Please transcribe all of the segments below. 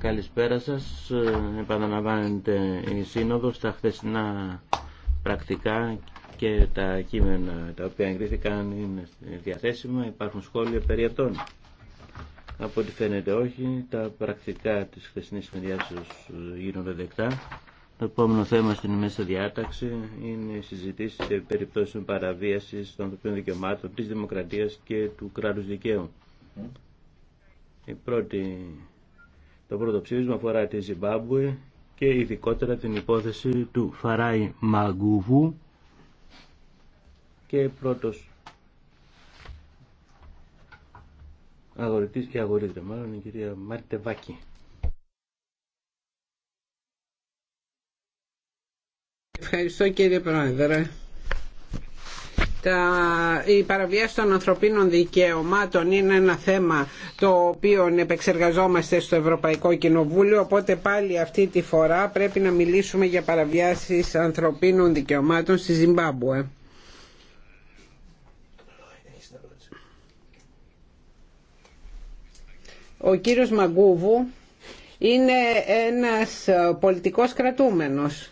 Καλησπέρα σας. Επαναλαμβάνεται η σύνοδο στα χθεσινά πρακτικά και τα κείμενα τα οποία εγκρίθηκαν είναι διαθέσιμα. Υπάρχουν σχόλια περί αυτών. Από ό,τι φαίνεται όχι, τα πρακτικά της χθεσινής συνεδριάσεως γίνονται δεκτά. Το επόμενο θέμα στην μέσα διάταξη είναι οι συζητήσεις σε περιπτώσεις παραβίασης των ανθρωπίνων δικαιωμάτων, της δημοκρατίας και του κράτους δικαίου. Η πρώτη, το πρώτο ψήφισμα αφορά τη Ζιμπάμπουε και ειδικότερα την υπόθεση του Φαράι Μαγκούβου και πρώτος αγορητής και αγορήτρια μάλλον η κυρία Μαρτεβάκη. Ευχαριστώ κύριε Πρόεδρε η παραβίαση των ανθρωπίνων δικαιωμάτων είναι ένα θέμα το οποίο επεξεργαζόμαστε στο Ευρωπαϊκό Κοινοβούλιο οπότε πάλι αυτή τη φορά πρέπει να μιλήσουμε για παραβιάσεις ανθρωπίνων δικαιωμάτων στη Ζιμπάμπουε. Ο κύριος Μαγκούβου είναι ένας πολιτικός κρατούμενος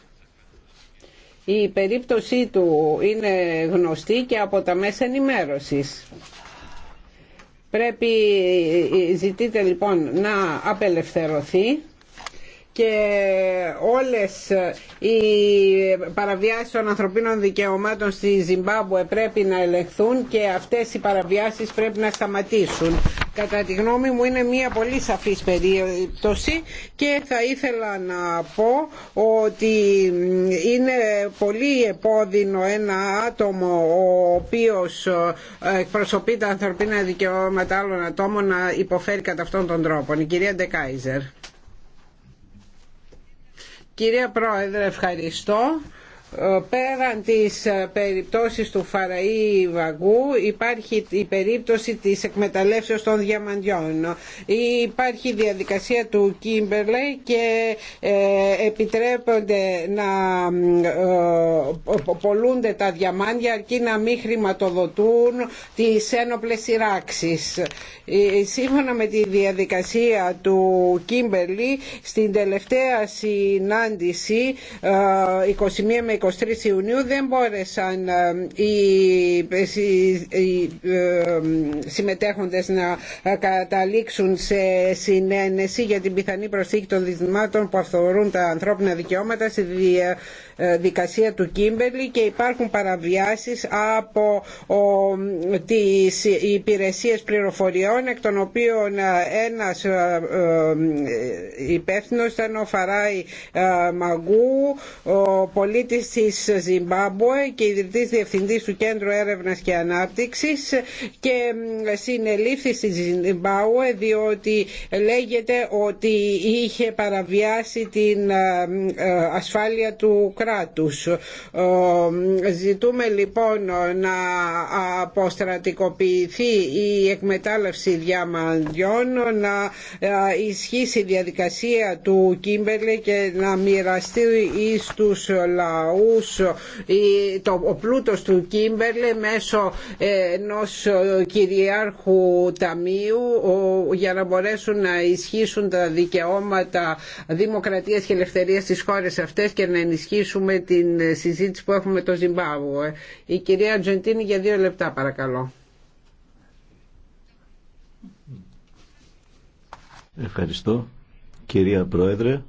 η περίπτωσή του είναι γνωστή και από τα μέσα ενημέρωσης. Πρέπει, ζητείτε λοιπόν να απελευθερωθεί και όλες οι παραβιάσεις των ανθρωπίνων δικαιωμάτων στη Ζιμπάμπουε πρέπει να ελεγχθούν και αυτές οι παραβιάσεις πρέπει να σταματήσουν. Κατά τη γνώμη μου είναι μια πολύ σαφής περίπτωση και θα ήθελα να πω ότι είναι πολύ επώδυνο ένα άτομο ο οποίος εκπροσωπεί τα ανθρωπίνα δικαιώματα άλλων ατόμων να υποφέρει κατά αυτόν τον τρόπο. Η κυρία Ντεκάιζερ. Κυρία Πρόεδρε, ευχαριστώ. Ε, πέραν της ε, περιπτώσεις του Φαραή Βαγκού υπάρχει η περίπτωση της εκμεταλλεύσεως των διαμαντιών υπάρχει η διαδικασία του Κίμπερλε και ε, επιτρέπονται να πολλούνται τα διαμάντια αρκεί να μην χρηματοδοτούν τις ένοπλες σειράξεις σύμφωνα με τη διαδικασία του Κίμπερλι στην τελευταία συνάντηση 21 με 23 Ιουνίου δεν μπόρεσαν οι συμμετέχοντες να ε, καταλήξουν σε συνένεση για την πιθανή προσθήκη των δυσμάτων που αφορούν τα ανθρώπινα δικαιώματα στη ε, δικασία του Κίμπερλι και υπάρχουν παραβιάσεις από τις υπηρεσίες πληροφοριών εκ των οποίων ε, ένας ε, υπεύθυνος ήταν ο Φαράι Μαγκού, ο πολίτης της Ζιμπάμπουε και ιδρυτής διευθυντής του Κέντρου Έρευνας και Ανάπτυξης και συνελήφθη στη Ζιμπάμπουε διότι λέγεται ότι είχε παραβιάσει την ασφάλεια του κράτους Ζητούμε λοιπόν να αποστρατικοποιηθεί η εκμετάλλευση διαμαντιών, να ε, ισχύσει η διαδικασία του Κίμπερλε και να μοιραστεί τους λαούς ο πλούτος του Κίμπερλε μέσω ε, ενός ε, κυριάρχου ταμείου για να μπορέσουν να ισχύσουν τα δικαιώματα δημοκρατίας και ελευθερίας στις χώρες αυτές και να ενισχύσουν με την ε, συζήτηση που έχουμε με το Ζιμπάμπουε. Η κυρία Τζοντίνη για δύο λεπτά παρακαλώ. Ευχαριστώ. Κυρία Πρόεδρε,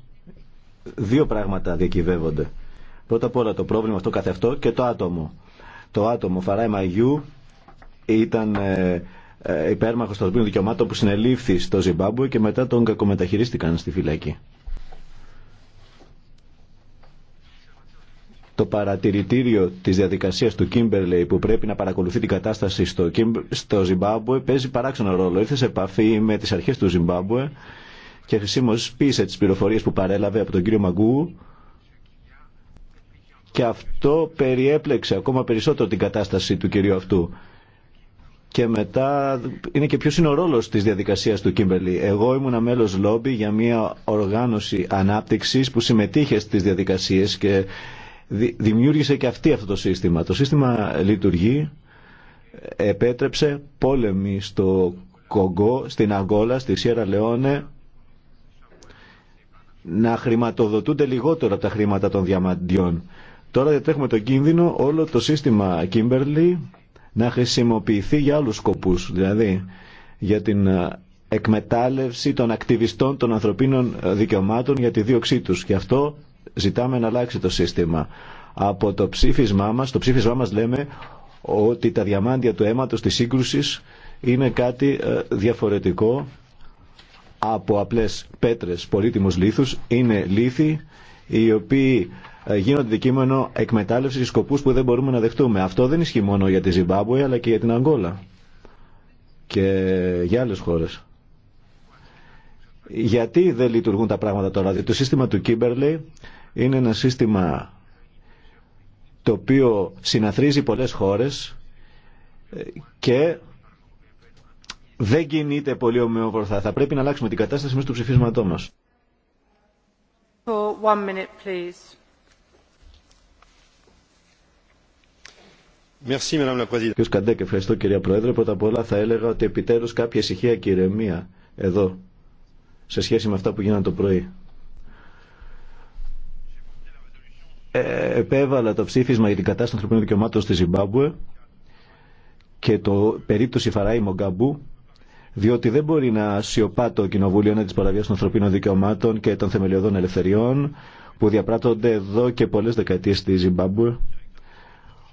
δύο πράγματα διακυβεύονται. Πρώτα απ' όλα το πρόβλημα αυτό καθεαυτό και το άτομο. Το άτομο Φαράι Μαγιού ήταν ε, ε, υπέρμαχος των δικαιωμάτων που συνελήφθη στο Ζιμπάμπου και μετά τον κακομεταχειρίστηκαν στη φυλακή. το παρατηρητήριο της διαδικασίας του Κίμπερλεϊ που πρέπει να παρακολουθεί την κατάσταση στο, στο Ζιμπάμπουε παίζει παράξενο ρόλο. Ήρθε σε επαφή με τις αρχές του Ζιμπάμπουε και χρησιμοποίησε τις πληροφορίες που παρέλαβε από τον κύριο Μαγκού και αυτό περιέπλεξε ακόμα περισσότερο την κατάσταση του κυρίου αυτού. Και μετά είναι και ποιο είναι ο ρόλος της διαδικασίας του Κίμπερλι. Εγώ ήμουν μέλο λόμπι για μια οργάνωση ανάπτυξη που συμμετείχε στι διαδικασίε. και δημιούργησε και αυτή αυτό το σύστημα. Το σύστημα λειτουργεί, επέτρεψε πόλεμοι στο Κογκό, στην Αγκόλα, στη Σιέρα Λεόνε, να χρηματοδοτούνται λιγότερο από τα χρήματα των διαμαντιών. Τώρα διατρέχουμε τον κίνδυνο όλο το σύστημα Κίμπερλι να χρησιμοποιηθεί για άλλους σκοπούς, δηλαδή για την ε, εκμετάλλευση των ακτιβιστών των ανθρωπίνων δικαιωμάτων για τη δίωξή τους. Και αυτό ζητάμε να αλλάξει το σύστημα. Από το ψήφισμά μας, το ψήφισμά μας λέμε ότι τα διαμάντια του αίματος της σύγκρουσης είναι κάτι ε, διαφορετικό από απλές πέτρες πολύτιμους λίθους. Είναι λίθοι οι οποίοι ε, γίνονται δικείμενο εκμετάλλευση σκοπού που δεν μπορούμε να δεχτούμε. Αυτό δεν ισχύει μόνο για τη Ζιμπάμπουε αλλά και για την Αγγόλα και για άλλε χώρε. Γιατί δεν λειτουργούν τα πράγματα τώρα. Το σύστημα του Κίμπερλεϊ είναι ένα σύστημα το οποίο συναθρίζει πολλές χώρες ε, και δεν κινείται πολύ ομοιόβορθα. Θα πρέπει να αλλάξουμε την κατάσταση μέσα του ψηφίσματό μας. Κύριε ευχαριστώ κυρία Πρόεδρε. Πρώτα απ' όλα θα έλεγα ότι επιτέλους κάποια ησυχία και ηρεμία εδώ σε σχέση με αυτά που γίνανε το πρωί. Ε, επέβαλα το ψήφισμα για την κατάσταση των ανθρωπίνων δικαιωμάτων στη Ζιμπάμπουε και το περίπτωση Φαράη Μογκαμπού, διότι δεν μπορεί να σιωπά το Κοινοβούλιο ένα τη παραβίαση των ανθρωπίνων δικαιωμάτων και των θεμελιωδών ελευθεριών που διαπράττονται εδώ και πολλέ δεκαετίε στη Ζιμπάμπουε.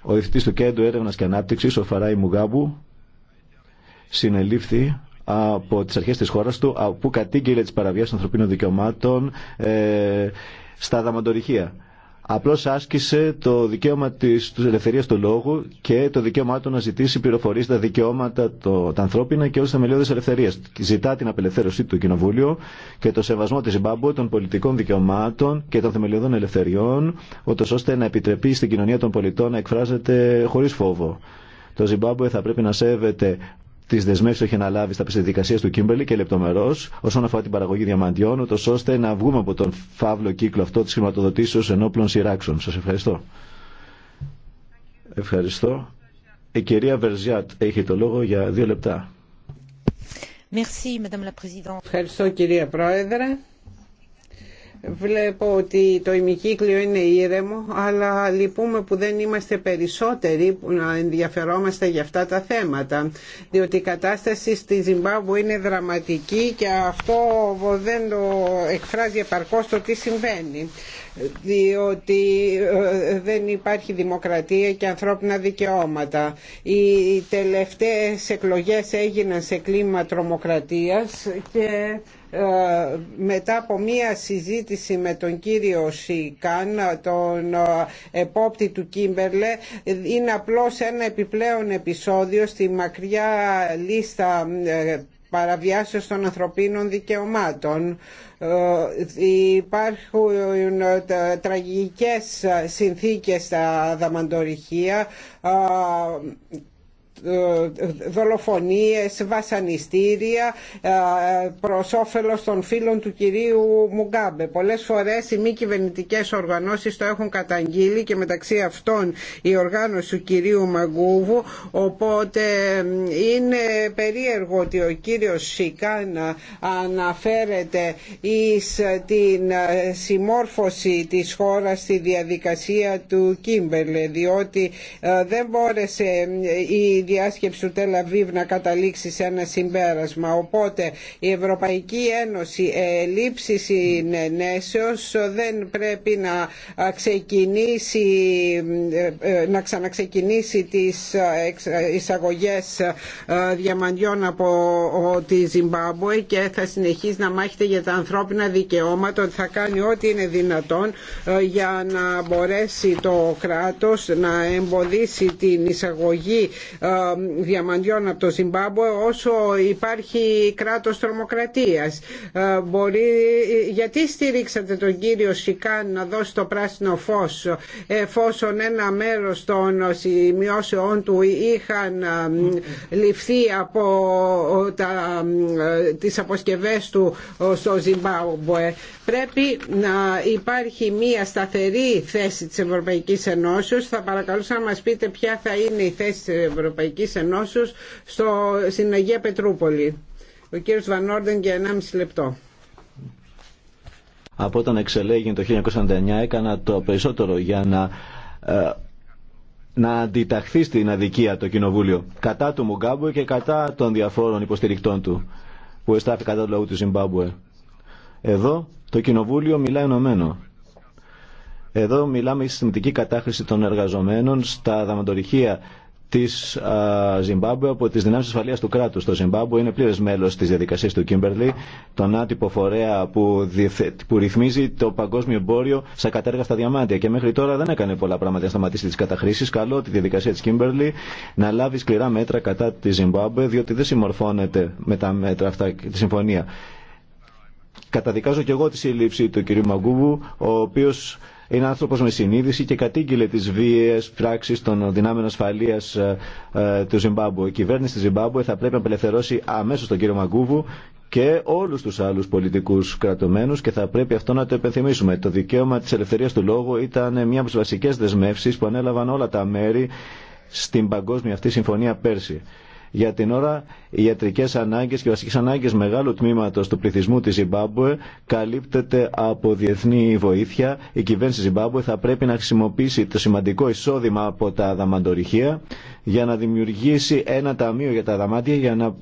Ο διευθυντή του Κέντρου Έρευνα και Ανάπτυξη, ο Φαράη Μουγκάμπου, συνελήφθη από τις αρχές της χώρας του που κατήγγειλε τις παραβιάσεις των ανθρωπίνων δικαιωμάτων ε, στα δαμαντορυχεία απλώς άσκησε το δικαίωμα της, της ελευθερίας του λόγου και το δικαίωμά του να ζητήσει πληροφορίες τα δικαιώματα το, τα ανθρώπινα και όλες τα ελευθερίας. Ζητά την απελευθέρωσή του Κοινοβούλιο και το σεβασμό της Ζιμπάμπου των πολιτικών δικαιωμάτων και των θεμελιωδών ελευθεριών, ώστε να επιτρεπεί στην κοινωνία των πολιτών να εκφράζεται χωρίς φόβο. Το Ζιμπάμπουε θα πρέπει να σέβεται τι δεσμεύσει που έχει αναλάβει στα διαδικασία του Κίμπερλι και λεπτομερώ όσον αφορά την παραγωγή διαμαντιών, ούτω ώστε να βγούμε από τον φαύλο κύκλο αυτό τη χρηματοδοτήσεω ενόπλων σειράξεων. Σα ευχαριστώ. Ευχαριστώ. Η κυρία Βερζιάτ έχει το λόγο για δύο λεπτά. Ευχαριστώ κυρία Πρόεδρε. Βλέπω ότι το ημικύκλιο είναι ήρεμο, αλλά λυπούμε που δεν είμαστε περισσότεροι που να ενδιαφερόμαστε για αυτά τα θέματα, διότι η κατάσταση στη Ζιμπάμπου είναι δραματική και αυτό δεν το εκφράζει επαρκώς το τι συμβαίνει διότι ε, δεν υπάρχει δημοκρατία και ανθρώπινα δικαιώματα. Οι τελευταίες εκλογές έγιναν σε κλίμα τρομοκρατίας και ε, μετά από μία συζήτηση με τον κύριο Σίκαν, τον ε, επόπτη του Κίμπερλε, είναι απλώς ένα επιπλέον επεισόδιο στη μακριά λίστα παραβιάσεως των ανθρωπίνων δικαιωμάτων. Ε, υπάρχουν ε, τραγικές συνθήκες στα δαμαντορυχεία ε, δολοφονίες, βασανιστήρια ε, προς όφελος των φίλων του κυρίου Μουγκάμπε. Πολλές φορές οι μη κυβερνητικέ οργανώσεις το έχουν καταγγείλει και μεταξύ αυτών η οργάνωση του κυρίου Μαγκούβου οπότε είναι περίεργο ότι ο κύριος Σικάνα αναφέρεται εις την ε, συμμόρφωση της χώρας στη διαδικασία του Κίμπελε διότι ε, δεν μπόρεσε η διάσκεψη του Τελαβίβ να καταλήξει σε ένα συμπέρασμα. Οπότε η Ευρωπαϊκή Ένωση ε, λήψη συνενέσεως δεν πρέπει να, ε, ε, να ξαναξεκινήσει τις εισαγωγές διαμαντιών από τη Ζιμπάμπουε και θα συνεχίσει να μάχεται για τα ανθρώπινα δικαιώματα θα κάνει ό,τι είναι δυνατόν για να μπορέσει το κράτος να εμποδίσει την εισαγωγή διαμαντιών από το Ζιμπάμπουε όσο υπάρχει κράτος τρομοκρατίας. Ε, μπορεί... Γιατί στηρίξατε τον κύριο Σικάν να δώσει το πράσινο φως εφόσον ένα μέρος των σημειώσεών του είχαν ε, ληφθεί από ε, τα, τις αποσκευές του στο Ζιμπάμπουε. Πρέπει να υπάρχει μία σταθερή θέση της Ευρωπαϊκής Ενώσεως. Θα παρακαλούσα να μας πείτε ποια θα είναι η θέση της Ευρωπαϊκής Ευρωπαϊκής Ενώσεως στο, στην Αγία Πετρούπολη. Ο κύριος Βανόρντεν για 1,5 λεπτό. Από όταν εξελέγει το 1999 έκανα το περισσότερο για να ε, να αντιταχθεί στην αδικία το κοινοβούλιο κατά του Μουγκάμπουε και κατά των διαφόρων υποστηρικτών του που εστάφη κατά του λαού του Ζιμπάμπουε. Εδώ το κοινοβούλιο μιλά ενωμένο. Εδώ μιλάμε για συστηματική κατάχρηση των εργαζομένων στα δαματορυχεία τη Ζιμπάμπουε από τι δυνάμει ασφαλεία του κράτου. Το Ζιμπάμπουε είναι πλήρε μέλο τη διαδικασία του Κίμπερλι, τον άτυπο φορέα που, διεθε... που ρυθμίζει το παγκόσμιο εμπόριο σε κατέργα διαμάντια. Και μέχρι τώρα δεν έκανε πολλά πράγματα για να σταματήσει τι καταχρήσει. Καλό τη διαδικασία τη Κίμπερλι να λάβει σκληρά μέτρα κατά τη Ζιμπάμπουε, διότι δεν συμμορφώνεται με τα μέτρα αυτά τη συμφωνία. Καταδικάζω και εγώ τη σύλληψη του κ. Μαγκούβου, ο οποίο. Είναι άνθρωπος με συνείδηση και κατήγγειλε τις βίαιες πράξεις των δυνάμεων ασφαλείας ε, ε, του Ζιμπάμπου. Η κυβέρνηση της Ζιμπάμπου θα πρέπει να απελευθερώσει αμέσως τον κύριο Μαγκούβου και όλους τους άλλους πολιτικούς κρατωμένους και θα πρέπει αυτό να το επενθυμίσουμε. Το δικαίωμα της ελευθερίας του λόγου ήταν μια από τις βασικές δεσμεύσεις που ανέλαβαν όλα τα μέρη στην παγκόσμια αυτή συμφωνία πέρσι. Για την ώρα, οι ιατρικές ανάγκες και οι βασικές ανάγκες μεγάλου τμήματος του πληθυσμού της Ζιμπάμπουε καλύπτεται από διεθνή βοήθεια. Η κυβέρνηση Ζιμπάμπουε θα πρέπει να χρησιμοποιήσει το σημαντικό εισόδημα από τα δαμαντορυχεία για να δημιουργήσει ένα ταμείο για τα δαμάτια. για να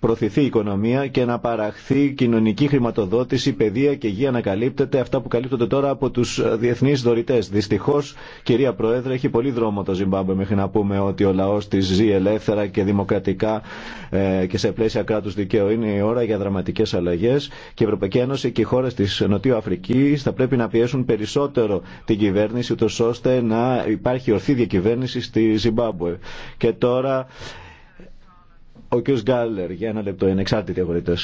προωθηθεί η οικονομία και να παραχθεί κοινωνική χρηματοδότηση, παιδεία και υγεία να καλύπτεται αυτά που καλύπτονται τώρα από του διεθνεί δωρητέ. Δυστυχώ, κυρία Πρόεδρε, έχει πολύ δρόμο το Ζιμπάμπε μέχρι να πούμε ότι ο λαό τη ζει ελεύθερα και δημοκρατικά ε, και σε πλαίσια κράτου δικαίου. Είναι η ώρα για δραματικέ αλλαγέ και η Ευρωπαϊκή Ένωση και οι χώρε τη Νοτιού Αφρική θα πρέπει να πιέσουν περισσότερο την κυβέρνηση, ώστε να υπάρχει ορθή διακυβέρνηση στη Ζιμπάμπουε. Και τώρα ο κ. Γκάλερ, για ένα λεπτό, είναι εξάρτητοι αγορητέ.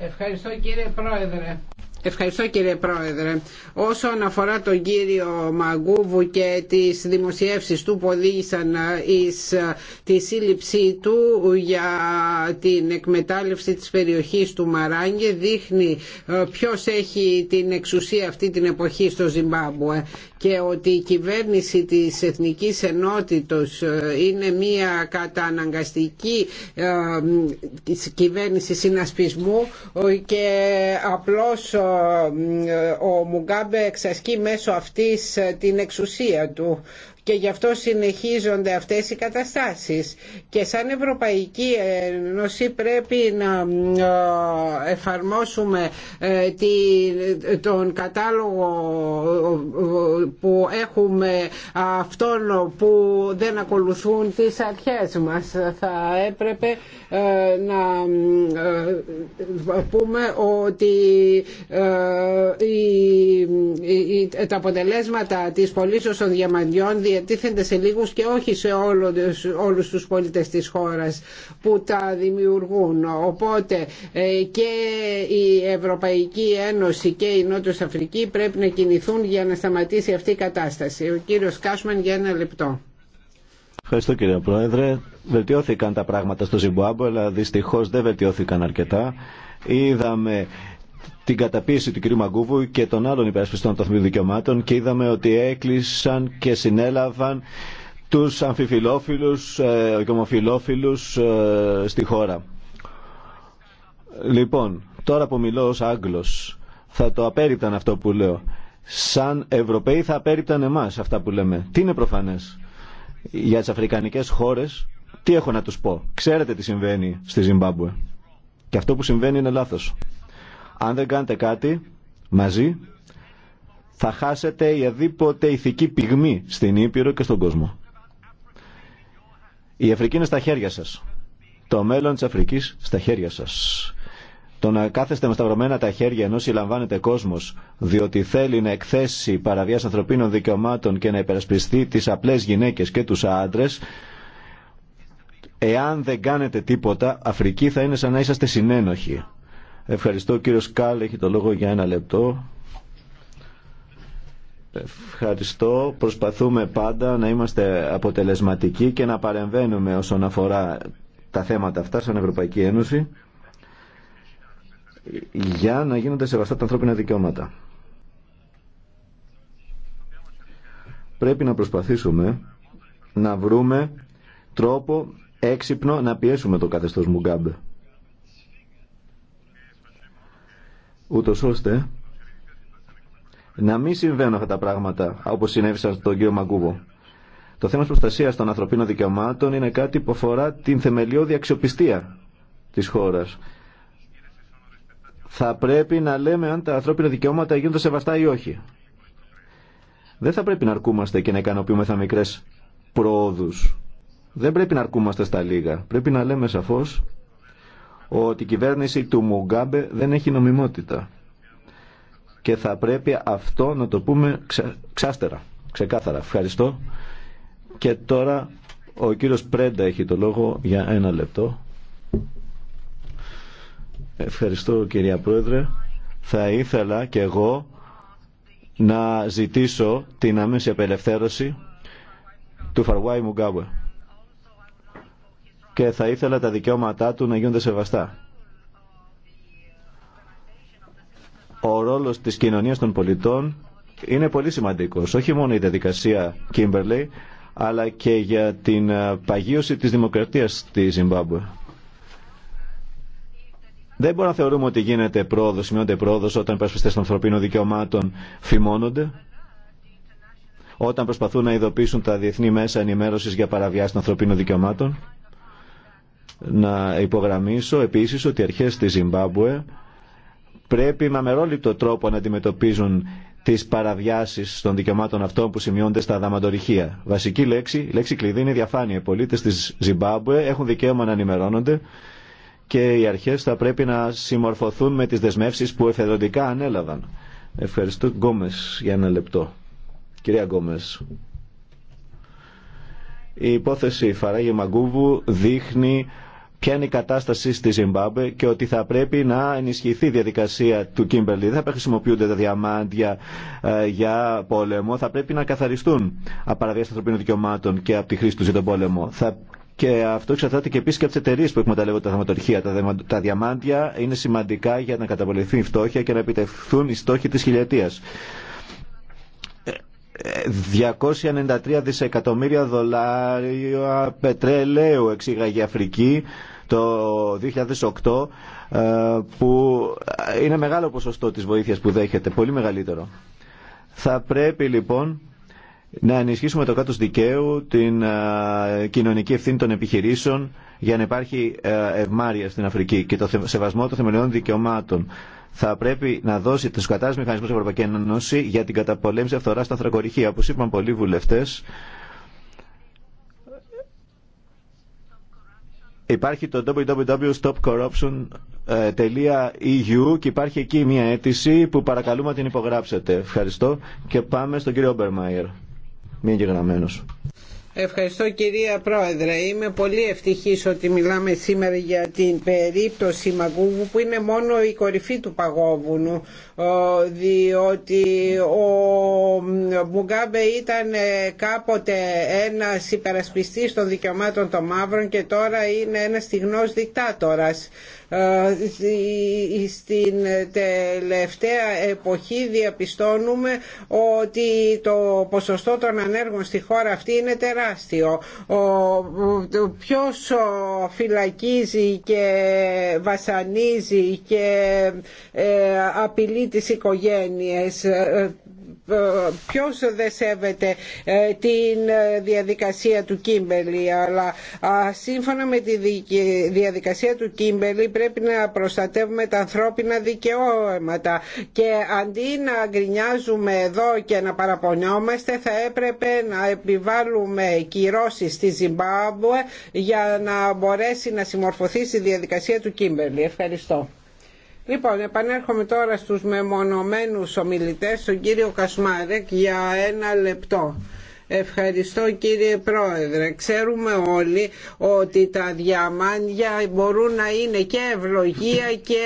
Ευχαριστώ κύριε Πρόεδρε. Ευχαριστώ κύριε Πρόεδρε. Όσον αφορά τον κύριο Μαγκούβου και τις δημοσιεύσεις του που οδήγησαν εις τη σύλληψή του για την εκμετάλλευση της περιοχής του Μαράγκε δείχνει ε, ποιος έχει την εξουσία αυτή την εποχή στο Ζιμπάμπουε και ότι η κυβέρνηση της Εθνικής Ενότητος ε, είναι μια καταναγκαστική ε, κυβέρνηση συνασπισμού ε, και απλώς ο Μουγκάμπε εξασκεί μέσω αυτής την εξουσία του και γι' αυτό συνεχίζονται αυτές οι καταστάσεις και σαν Ευρωπαϊκή Ένωση πρέπει να ε, εφαρμόσουμε ε, τον κατάλογο ε, που έχουμε αυτών που δεν ακολουθούν τις αρχές μας θα έπρεπε να πούμε ότι τα αποτελέσματα της πωλήσεως των διαμαντιών διατίθενται σε λίγους και όχι σε όλους, όλους τους πολίτες της χώρας που τα δημιουργούν. Οπότε ε, και η Ευρωπαϊκή Ένωση και η Νότιος Αφρική πρέπει να κινηθούν για να σταματήσει αυτή η κατάσταση. Ο κύριος Κάσμαν για ένα λεπτό. Ευχαριστώ κύριε Πρόεδρε. Βελτιώθηκαν τα πράγματα στο Ζιμπουάμπο, αλλά δυστυχώς δεν βελτιώθηκαν αρκετά την καταπίεση του κ. Μαγκούβου και των άλλων υπερασπιστών των δικαιωμάτων και είδαμε ότι έκλεισαν και συνέλαβαν τους αμφιφιλόφιλους ε, και ομοφιλόφιλους ε, στη χώρα. Λοιπόν, τώρα που μιλώ ως Άγγλος, θα το απέριπταν αυτό που λέω. Σαν Ευρωπαίοι θα απέριπταν εμάς αυτά που λέμε. Τι είναι προφανές για τις αφρικανικές χώρες, τι έχω να τους πω. Ξέρετε τι συμβαίνει στη Ζιμπάμπουε. Και αυτό που συμβαίνει είναι λάθος. Αν δεν κάνετε κάτι μαζί, θα χάσετε η αδίποτε ηθική πυγμή στην Ήπειρο και στον κόσμο. Η Αφρική είναι στα χέρια σας. Το μέλλον της Αφρικής στα χέρια σας. Το να κάθεστε με σταυρωμένα τα χέρια ενώ συλλαμβάνεται κόσμο, διότι θέλει να εκθέσει παραβιάσει ανθρωπίνων δικαιωμάτων και να υπερασπιστεί τι απλέ γυναίκε και του άντρε, εάν δεν κάνετε τίποτα, Αφρική θα είναι σαν να είσαστε συνένοχοι. Ευχαριστώ κύριο Σκάλ, έχει το λόγο για ένα λεπτό. Ευχαριστώ. Προσπαθούμε πάντα να είμαστε αποτελεσματικοί και να παρεμβαίνουμε όσον αφορά τα θέματα αυτά σαν Ευρωπαϊκή Ένωση για να γίνονται σεβαστά τα ανθρώπινα δικαιώματα. Πρέπει να προσπαθήσουμε να βρούμε τρόπο έξυπνο να πιέσουμε το καθεστώς Μουγκάμπε. ούτως ώστε να μην συμβαίνουν αυτά τα πράγματα όπως συνέβησαν στον κύριο Μαγκούβο. Το θέμα της προστασίας των ανθρωπίνων δικαιωμάτων είναι κάτι που αφορά την θεμελιώδη αξιοπιστία της χώρας. Θα πρέπει να λέμε αν τα ανθρώπινα δικαιώματα γίνονται σεβαστά ή όχι. Δεν θα πρέπει να αρκούμαστε και να ικανοποιούμε θα μικρές πρόοδους. Δεν πρέπει να αρκούμαστε στα λίγα. Πρέπει να λέμε σαφώς ότι η κυβέρνηση του Μουγκάμπε δεν έχει νομιμότητα. Και θα πρέπει αυτό να το πούμε ξάστερα, ξεκάθαρα. Ευχαριστώ. Και τώρα ο κύριος Πρέντα έχει το λόγο για ένα λεπτό. Ευχαριστώ κυρία Πρόεδρε. Θα ήθελα και εγώ να ζητήσω την άμεση απελευθέρωση του Φαρουάη Μουγκάμπε και θα ήθελα τα δικαιώματά του να γίνονται σεβαστά. Ο ρόλος της κοινωνίας των πολιτών είναι πολύ σημαντικός, όχι μόνο η διαδικασία Κίμπερλεϊ, αλλά και για την ε, παγίωση της δημοκρατίας στη Ζιμπάμπουε. Δεν μπορούμε να θεωρούμε ότι γίνεται πρόοδο, σημειώνεται πρόοδο όταν οι υπασπιστέ των ανθρωπίνων δικαιωμάτων φημώνονται, όταν προσπαθούν να ειδοποιήσουν τα διεθνή μέσα ενημέρωση για παραβιάσει των ανθρωπίνων δικαιωμάτων. Να υπογραμμίσω επίσης ότι οι αρχές της Ζιμπάμπουε πρέπει με αμερόληπτο τρόπο να αντιμετωπίζουν τις παραβιάσεις των δικαιωμάτων αυτών που σημειώνται στα δαματορυχεία. Βασική λέξη, λέξη κλειδί είναι η διαφάνεια. Οι πολίτες της Ζιμπάμπουε έχουν δικαίωμα να ενημερώνονται και οι αρχές θα πρέπει να συμμορφωθούν με τις δεσμεύσεις που εφεδροντικά ανέλαβαν. Ευχαριστώ Γκόμες για ένα λεπτό. Κυρία Γκόμες. Η υπόθεση Φαράγε Μαγκούβου δείχνει ποια είναι η κατάσταση στη Ζιμπάμπε και ότι θα πρέπει να ενισχυθεί η διαδικασία του Κίμπερλι. Δεν θα χρησιμοποιούνται τα διαμάντια ε, για πόλεμο, θα πρέπει να καθαριστούν παραβίαση ανθρωπίνων δικαιωμάτων και από τη χρήση του για τον πόλεμο. Θα και αυτό εξαρτάται και επίση και από τι εταιρείε που εκμεταλλεύονται τα θεματορχεία. Τα διαμάντια είναι σημαντικά για να καταπολεθεί η φτώχεια και να επιτευχθούν οι στόχοι τη χιλιετία. 293 δισεκατομμύρια δολάρια πετρελαίου εξήγαγε η Αφρική το 2008 ε, που είναι μεγάλο ποσοστό της βοήθειας που δέχεται, πολύ μεγαλύτερο. Θα πρέπει λοιπόν να ενισχύσουμε το κράτος δικαίου, την ε, κοινωνική ευθύνη των επιχειρήσεων για να υπάρχει ε, ευμάρεια στην Αφρική και το σεβασμό των θεμελιών δικαιωμάτων. Θα πρέπει να δώσει του κατάλληλου μηχανισμού Ευρωπαϊκή Ένωση για την καταπολέμηση αυθορά στα ανθρακοριχεία. Όπω είπαν πολλοί βουλευτέ, Υπάρχει το www.stopcorruption.eu ε, και υπάρχει εκεί μια αίτηση που παρακαλούμε να την υπογράψετε. Ευχαριστώ και πάμε στον κύριο Ομπερμάιερ. Μην γεγραμμένος. Ευχαριστώ κυρία Πρόεδρε. Είμαι πολύ ευτυχής ότι μιλάμε σήμερα για την περίπτωση Μαγκούβου που είναι μόνο η κορυφή του παγόβουνου διότι ο Μουγκάμπε ήταν ε, κάποτε ένας υπερασπιστής των δικαιωμάτων των μαύρων και τώρα είναι ένας στιγνός δικτάτορας ε, στην τελευταία εποχή διαπιστώνουμε ότι το ποσοστό των ανέργων στη χώρα αυτή είναι τεράστιο. Ποιος φυλακίζει και βασανίζει και ε, απειλεί τις οικογένειες ε, ποιος δεν σέβεται ε, την ε, διαδικασία του Κίμπελη αλλά σύμφωνα με τη διαδικασία του Κίμπελη πρέπει να προστατεύουμε τα ανθρώπινα δικαιώματα και αντί να γκρινιάζουμε εδώ και να παραπονιόμαστε θα έπρεπε να επιβάλλουμε κυρώσεις στη Ζιμπάμπουε για να μπορέσει να συμμορφωθεί στη διαδικασία του Κίμπελη. Ευχαριστώ. Λοιπόν, επανέρχομαι τώρα στους μεμονωμένους ομιλητές, τον κύριο Κασμάρεκ για ένα λεπτό. Ευχαριστώ κύριε Πρόεδρε. Ξέρουμε όλοι ότι τα διαμάντια μπορούν να είναι και ευλογία και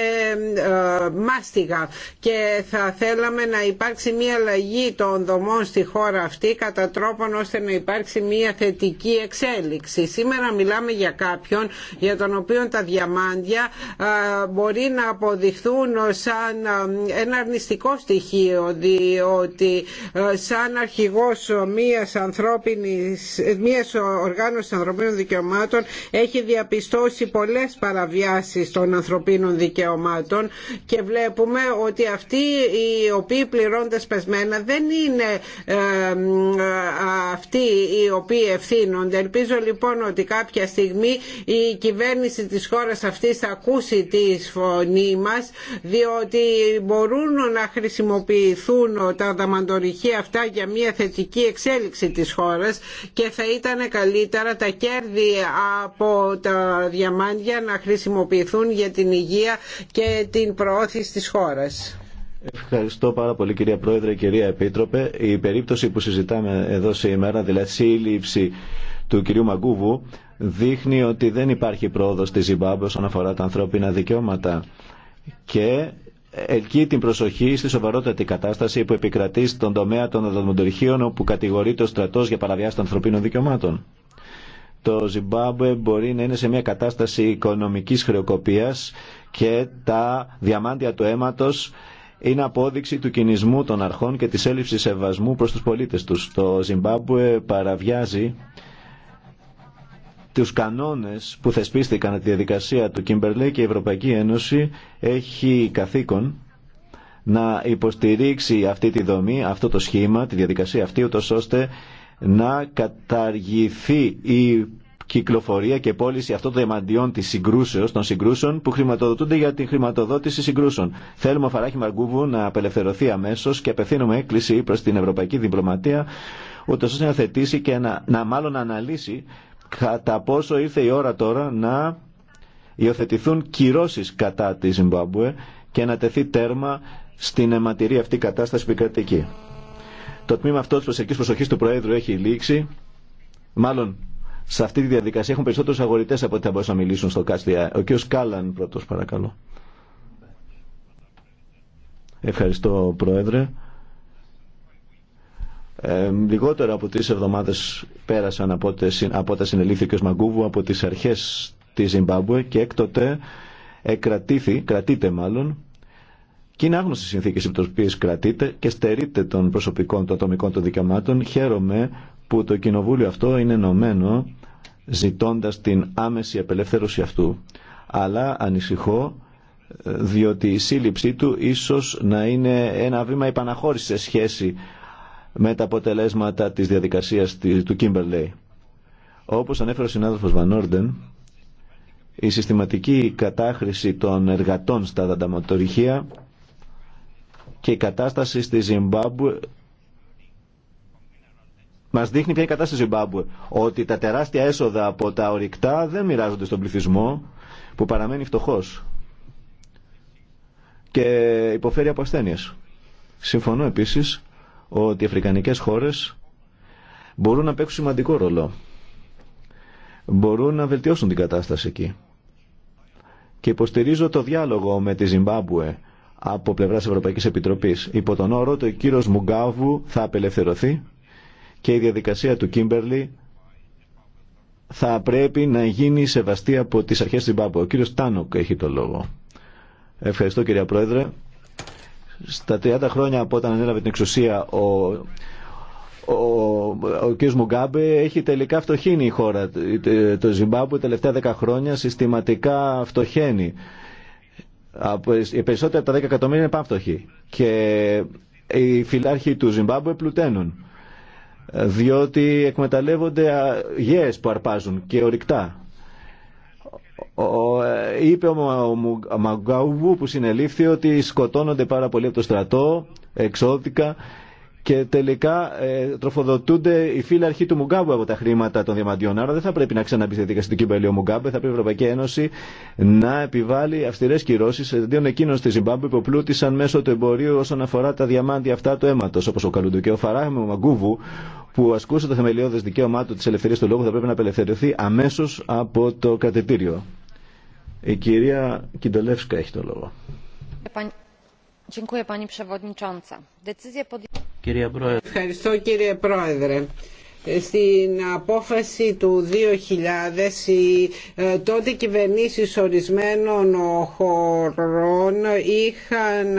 ε, μάστιγα και θα θέλαμε να υπάρξει μια αλλαγή των δομών στη χώρα αυτή κατά τρόπον ώστε να υπάρξει μια θετική εξέλιξη. Σήμερα μιλάμε για κάποιον για τον οποίο τα διαμάντια ε, μπορεί να αποδειχθούν σαν ε, ένα αρνηστικό στοιχείο διότι ε, σαν αρχηγός μια μιας, ανθρώπινης, μιας οργάνωσης ανθρωπίνων δικαιωμάτων έχει διαπιστώσει πολλές παραβιάσεις των ανθρωπίνων δικαιωμάτων και βλέπουμε ότι αυτοί οι οποίοι πληρώνται σπεσμένα δεν είναι αυτοί οι οποίοι ευθύνονται. Ελπίζω λοιπόν ότι κάποια στιγμή η κυβέρνηση της χώρας αυτή θα ακούσει τη φωνή μας διότι μπορούν να χρησιμοποιηθούν τα δαμαντορυχεία αυτά για μια θετική εξέλιξη ανάπτυξη της χώρας και θα ήταν καλύτερα τα κέρδη από τα διαμάντια να χρησιμοποιηθούν για την υγεία και την προώθηση της χώρας. Ευχαριστώ πάρα πολύ κυρία Πρόεδρε, κυρία Επίτροπε. Η περίπτωση που συζητάμε εδώ σήμερα, δηλαδή η σύλληψη του κυρίου Μαγκούβου, δείχνει ότι δεν υπάρχει πρόοδος στη Ζιμπάμπη όσον αφορά τα ανθρώπινα δικαιώματα. Και ελκύει την προσοχή στη σοβαρότατη κατάσταση που επικρατεί στον τομέα των δεδομοντορχείων όπου κατηγορείται ο στρατός για παραβιάση των ανθρωπίνων δικαιωμάτων. Το Ζιμπάμπουε μπορεί να είναι σε μια κατάσταση οικονομική χρεοκοπία και τα διαμάντια του αίματο είναι απόδειξη του κινησμού των αρχών και της έλλειψης σεβασμού προς τους πολίτες τους. Το Ζιμπάμπουε παραβιάζει τους κανόνες που θεσπίστηκαν τη διαδικασία του Κιμπερλέ και η Ευρωπαϊκή Ένωση έχει καθήκον να υποστηρίξει αυτή τη δομή, αυτό το σχήμα, τη διαδικασία αυτή, ούτως ώστε να καταργηθεί η κυκλοφορία και πώληση αυτών των διαμαντιών τη συγκρούσεω, των συγκρούσεων που χρηματοδοτούνται για την χρηματοδότηση συγκρούσεων. Θέλουμε ο Φαράχη Μαργκούβου να απελευθερωθεί αμέσως και απευθύνουμε έκκληση προ την ευρωπαϊκή διπλωματία, ούτω ώστε να θετήσει και να, να μάλλον αναλύσει κατά πόσο ήρθε η ώρα τώρα να υιοθετηθούν κυρώσεις κατά τη Ζιμπάμπουε και να τεθεί τέρμα στην αιματηρή αυτή κατάσταση επικρατική. Το τμήμα αυτό τη προσεκτική προσοχή του Προέδρου έχει λήξει. Μάλλον σε αυτή τη διαδικασία έχουν περισσότερου αγορητέ από ό,τι θα μπορούσαν να μιλήσουν στο ΚΑΣΤΙΑ. Ο κ. Κάλαν πρώτο, παρακαλώ. Ευχαριστώ Πρόεδρε. Ε, λιγότερο από τρει εβδομάδε πέρασαν από, από τα συνελήφθηκε Μαγκούβου από τι αρχέ τη Ζιμπάμπουε και έκτοτε εκρατήθη, κρατείται μάλλον, και είναι άγνωστε συνθήκε υπό τι οποίε κρατείται και στερείται των προσωπικών, των ατομικών των δικαιωμάτων. Χαίρομαι που το κοινοβούλιο αυτό είναι ενωμένο ζητώντα την άμεση απελευθέρωση αυτού. Αλλά ανησυχώ ε, διότι η σύλληψή του ίσως να είναι ένα βήμα επαναχώρησης σε σχέση με τα αποτελέσματα της διαδικασίας του Κίμπερλεϊ. Όπως ανέφερε ο συνάδελφος Βανόρντεν, η συστηματική κατάχρηση των εργατών στα δανταματορυχεία και η κατάσταση στη Ζιμπάμπουε Μα δείχνει ποια είναι η κατάσταση στη Ζιμπάμπουε. Ότι τα τεράστια έσοδα από τα ορυκτά δεν μοιράζονται στον πληθυσμό που παραμένει φτωχό και υποφέρει από ασθένειε. Συμφωνώ επίση ότι οι αφρικανικές χώρες μπορούν να παίξουν σημαντικό ρόλο. Μπορούν να βελτιώσουν την κατάσταση εκεί. Και υποστηρίζω το διάλογο με τη Ζιμπάμπουε από πλευράς Ευρωπαϊκής Επιτροπής. Υπό τον όρο ότι ο κύριος Μουγκάβου θα απελευθερωθεί και η διαδικασία του Κίμπερλι θα πρέπει να γίνει σεβαστή από τις αρχές της Ζιμπάμπουε. Ο κύριος Τάνοκ έχει το λόγο. Ευχαριστώ κύριε Πρόεδρε. Στα 30 χρόνια από όταν ανέλαβε την εξουσία ο ο, ο κ. Μουγκάμπε έχει τελικά φτωχύνει η χώρα. Το Ζιμπάμπου τελευταία 10 χρόνια συστηματικά φτωχαίνει. οι περισσότεροι από τα 10 εκατομμύρια είναι φτωχή. Και οι φυλάρχοι του Ζιμπάμπου πλουταίνουν. Διότι εκμεταλλεύονται γέες που αρπάζουν και ορυκτά. Ε, είπε ο Μαγκάουβου που συνελήφθη ότι σκοτώνονται πάρα πολύ από το στρατό, εξώδικα και τελικά ε, τροφοδοτούνται οι φύλαρχοι του Μουγκάμπου από τα χρήματα των διαμαντιών. Άρα δεν θα πρέπει να στη δικαστική πέλη ο Μουγκάμπου, θα πρέπει η Ευρωπαϊκή Ένωση να επιβάλλει αυστηρέ κυρώσει εναντίον εκείνων στη Ζιμπάμπου που πλούτησαν μέσω του εμπορίου όσον αφορά τα διαμάντια αυτά του αίματο, όπω ο Καλούντου και ο Φαράχμου Μαγκούβου, που ασκούσε το θεμελιώδε δικαίωμά του τη ελευθερία του λόγου, θα πρέπει να απελευθερωθεί αμέσω από το κατετήριο. Η κυρία Κιντολεύσκα έχει το λόγο. Ευχαριστώ κύριε Πρόεδρε στην απόφαση του 2000 οι ε, τότε κυβερνήσεις ορισμένων χωρών είχαν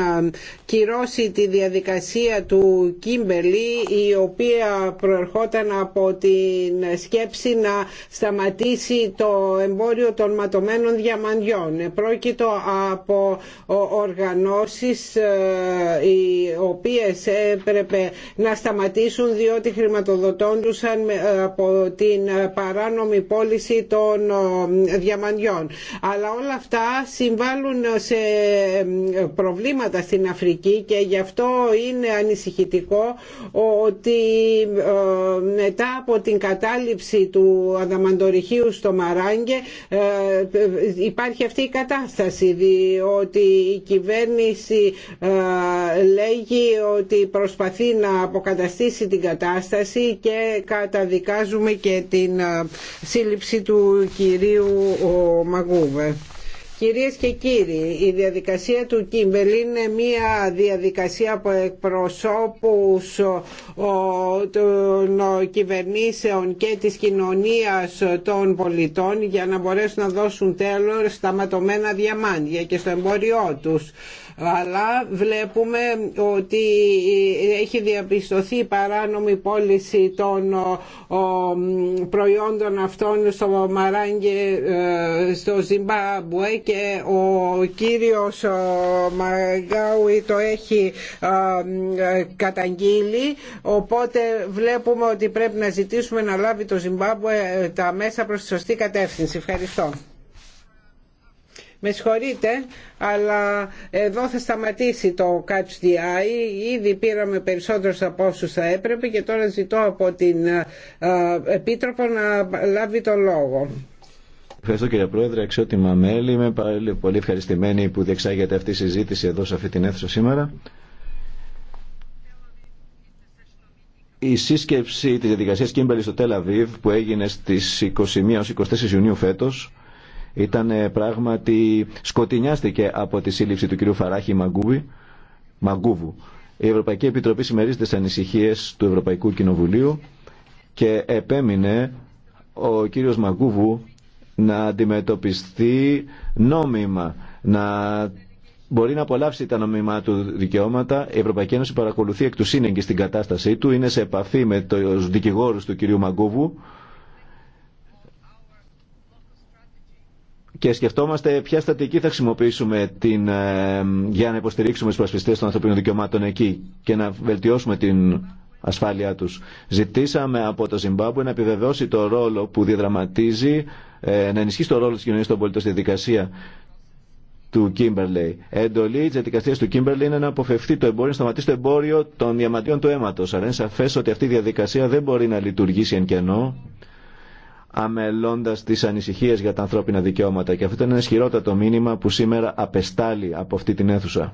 κυρώσει τη διαδικασία του Κίμπελι η οποία προερχόταν από την σκέψη να σταματήσει το εμπόριο των ματωμένων διαμαντιών. Πρόκειτο από οργανώσεις ε, οι οποίες έπρεπε να σταματήσουν διότι χρηματοδοτώντουσαν ε, από την παράνομη πώληση των ε, διαμαντιών. Αλλά όλα αυτά συμβάλλουν σε προβλήματα στην Αφρική και γι' αυτό είναι ανησυχητικό ότι ε, μετά από την κατάληψη του αδαμαντορυχίου στο Μαράγκε ε, υπάρχει αυτή η κατάσταση διότι η κυβέρνηση ε, λέγει ότι προσπαθεί να αποκαταστήσει την κατάσταση και καταδικάζουμε και την σύλληψη του κυρίου Μαγούβε. Κυρίες και κύριοι, η διαδικασία του Κίμπελ είναι μια διαδικασία από εκπροσώπους των κυβερνήσεων και της κοινωνίας των πολιτών για να μπορέσουν να δώσουν τέλος στα ματωμένα διαμάντια και στο εμπόριό τους αλλά βλέπουμε ότι έχει διαπιστωθεί παράνομη πώληση των προϊόντων αυτών στο Μαράγκε ε, στο Ζιμπάμπουε και ο κύριος Μαγκάουι το έχει ε, καταγγείλει οπότε βλέπουμε ότι πρέπει να ζητήσουμε να λάβει το Ζιμπάμπουε ε, τα μέσα προς τη σωστή κατεύθυνση. Ευχαριστώ. Με συγχωρείτε, αλλά εδώ θα σταματήσει το Catch the Eye. Ήδη πήραμε περισσότερους από όσους θα έπρεπε και τώρα ζητώ από την ε, ε, Επίτροπο να λάβει το λόγο. Ευχαριστώ κύριε Πρόεδρε, αξιότιμα μέλη. Είμαι πολύ ευχαριστημένη που διεξάγεται αυτή η συζήτηση εδώ σε αυτή την αίθουσα σήμερα. Η σύσκεψη της διαδικασίας Κίμπελη στο Τελαβίβ που έγινε στις 21 24 Ιουνίου φέτος ήταν πράγματι σκοτεινιάστηκε από τη σύλληψη του κυρίου Φαράχη Μαγκούβη, Μαγκούβου. Η Ευρωπαϊκή Επιτροπή συμμερίζεται στι ανησυχίε του Ευρωπαϊκού Κοινοβουλίου και επέμεινε ο κύριος Μαγκούβου να αντιμετωπιστεί νόμιμα, να μπορεί να απολαύσει τα νομιμά του δικαιώματα. Η Ευρωπαϊκή Ένωση παρακολουθεί εκ του σύνεγγυ στην κατάστασή του, είναι σε επαφή με τους δικηγόρους του κυρίου Μαγκούβου και σκεφτόμαστε ποια στατική θα χρησιμοποιήσουμε την, ε, για να υποστηρίξουμε του ασφιστές των ανθρωπίνων δικαιωμάτων εκεί και να βελτιώσουμε την ασφάλειά τους. Ζητήσαμε από το Ζιμπάμπου να επιβεβαιώσει το ρόλο που διαδραματίζει, ε, να ενισχύσει το ρόλο της κοινωνίας των πολιτών στη δικασία του Κίμπερλεϊ. Εντολή τη διαδικασία του Κίμπερλεϊ είναι να αποφευθεί το εμπόριο, να σταματήσει το εμπόριο των διαμαντίων του αίματο. Αλλά είναι σαφέ ότι αυτή η διαδικασία δεν μπορεί να λειτουργήσει εν κενό αμελώντα τι ανησυχίε για τα ανθρώπινα δικαιώματα. Και αυτό είναι ένα ισχυρότατο μήνυμα που σήμερα απεστάλλει από αυτή την αίθουσα.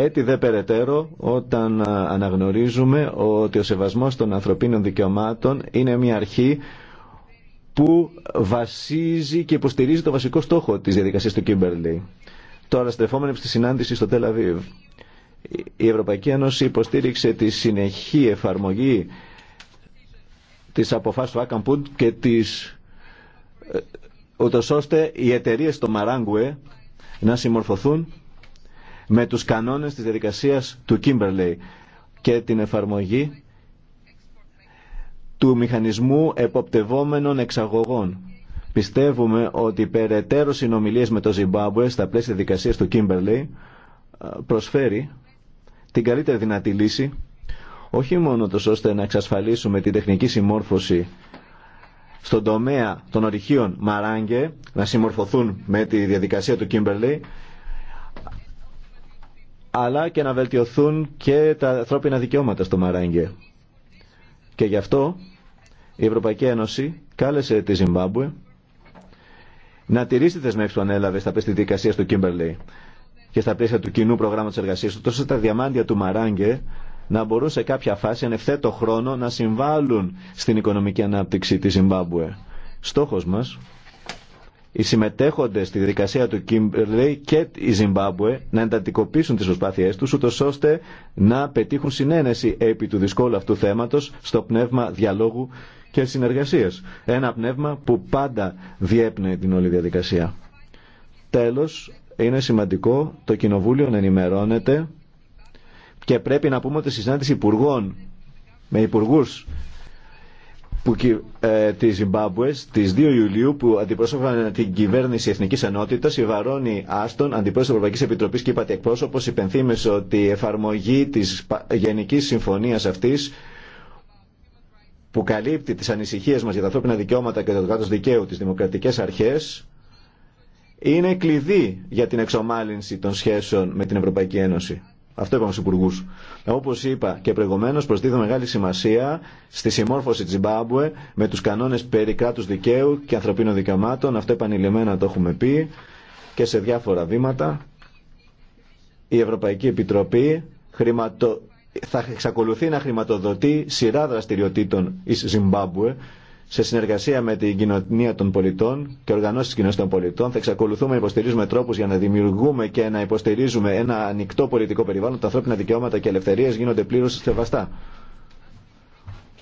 Έτσι δε περαιτέρω όταν αναγνωρίζουμε ότι ο σεβασμός των ανθρωπίνων δικαιωμάτων είναι μια αρχή που βασίζει και υποστηρίζει το βασικό στόχο της διαδικασίας του Κίμπερλι. Τώρα στρεφόμενοι στη συνάντηση στο Τελαβίβ. Η Ευρωπαϊκή Ένωση υποστήριξε τη συνεχή εφαρμογή της αποφάσης του Άκαμπουντ και της ε, ούτως ώστε οι εταιρείες στο Μαράγκουε να συμμορφωθούν με τους κανόνες της διαδικασίας του Κίμπερλεϊ και την εφαρμογή του μηχανισμού εποπτευόμενων εξαγωγών. Πιστεύουμε ότι περαιτέρω συνομιλίες με το Ζιμπάμπουε στα πλαίσια διαδικασίας του Κίμπερλεϊ ε, προσφέρει την καλύτερη δυνατή λύση, όχι μόνο τόσο ώστε να εξασφαλίσουμε την τεχνική συμμόρφωση στον τομέα των ορυχείων Μαράγκε, να συμμορφωθούν με τη διαδικασία του Κίμπερλι, αλλά και να βελτιωθούν και τα ανθρώπινα δικαιώματα στο Μαράγκε. Και γι' αυτό η Ευρωπαϊκή Ένωση κάλεσε τη Ζιμπάμπουε να τηρήσει τι δεσμεύσει που ανέλαβε στα πέστη δικασία του Κίμπερλι και στα πλαίσια του κοινού προγράμματο εργασία του, τόσο τα διαμάντια του Μαράγκε να μπορούν σε κάποια φάση, ανευθέτω ευθέτω χρόνο, να συμβάλλουν στην οικονομική ανάπτυξη τη Ζιμπάμπουε. Στόχο μα, οι συμμετέχοντε στη δικασία του Κίμπερλεϊ και η Ζιμπάμπουε να εντατικοποιήσουν τι προσπάθειέ του, ούτω ώστε να πετύχουν συνένεση επί του δυσκόλου αυτού θέματο στο πνεύμα διαλόγου και συνεργασία. Ένα πνεύμα που πάντα διέπνεε την όλη διαδικασία. Τέλος, είναι σημαντικό το Κοινοβούλιο να ενημερώνεται και πρέπει να πούμε ότι συνάντηση υπουργών με υπουργού που, ε, της Ζιμπάμπουες της 2 Ιουλίου που αντιπρόσωπαν την κυβέρνηση Εθνικής Ενότητας η Βαρόνη Άστον, αντιπρόσωπο Ευρωπαϊκής Επιτροπής και είπατε εκπρόσωπος υπενθύμησε ότι η εφαρμογή της Γενικής Συμφωνίας αυτής που καλύπτει τις ανησυχίες μας για τα ανθρώπινα δικαιώματα και το κράτος δικαίου, τις δημοκρατικές αρχέ είναι κλειδί για την εξομάλυνση των σχέσεων με την Ευρωπαϊκή Ένωση. Αυτό είπαμε στου υπουργού. Όπω είπα και προηγουμένω, προσδίδω μεγάλη σημασία στη συμμόρφωση τη Ζιμπάμπουε με του κανόνε περί κράτου δικαίου και ανθρωπίνων δικαιωμάτων. Αυτό επανειλημμένα το έχουμε πει και σε διάφορα βήματα. Η Ευρωπαϊκή Επιτροπή χρηματο... θα εξακολουθεί να χρηματοδοτεί σειρά δραστηριοτήτων εις Ζιμπάμπουε σε συνεργασία με την κοινωνία των πολιτών και οργανώσει τη κοινωνία των πολιτών, θα εξακολουθούμε να υποστηρίζουμε τρόπου για να δημιουργούμε και να υποστηρίζουμε ένα ανοιχτό πολιτικό περιβάλλον. Τα ανθρώπινα δικαιώματα και ελευθερίε γίνονται πλήρω σεβαστά.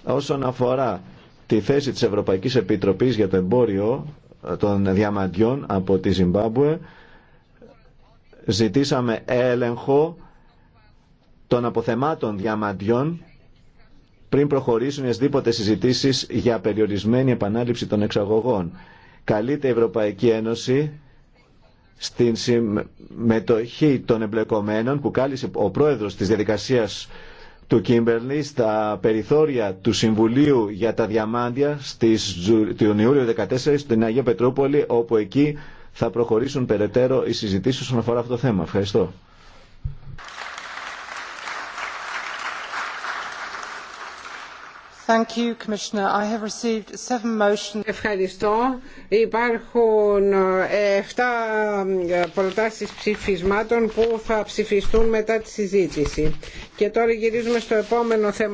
Όσον αφορά τη θέση τη Ευρωπαϊκή Επιτροπή για το εμπόριο ε, των διαμαντιών από τη Ζιμπάμπουε, ζητήσαμε έλεγχο των αποθεμάτων διαμαντιών πριν προχωρήσουν εσδήποτε συζητήσει για περιορισμένη επανάληψη των εξαγωγών. Καλείται η Ευρωπαϊκή Ένωση στην συμμετοχή των εμπλεκομένων που κάλεσε ο πρόεδρος της διαδικασίας του Κίμπερλι στα περιθώρια του Συμβουλίου για τα Διαμάντια στις, τον Ιούλιο 14 στην Αγία Πετρούπολη όπου εκεί θα προχωρήσουν περαιτέρω οι συζητήσεις όσον αφορά αυτό το θέμα. Ευχαριστώ. Ευχαριστώ. Υπάρχουν 7 ε, ε, προτάσεις ψηφισμάτων που θα ψηφιστούν μετά τη συζήτηση. Και τώρα γυρίζουμε στο επόμενο θέμα.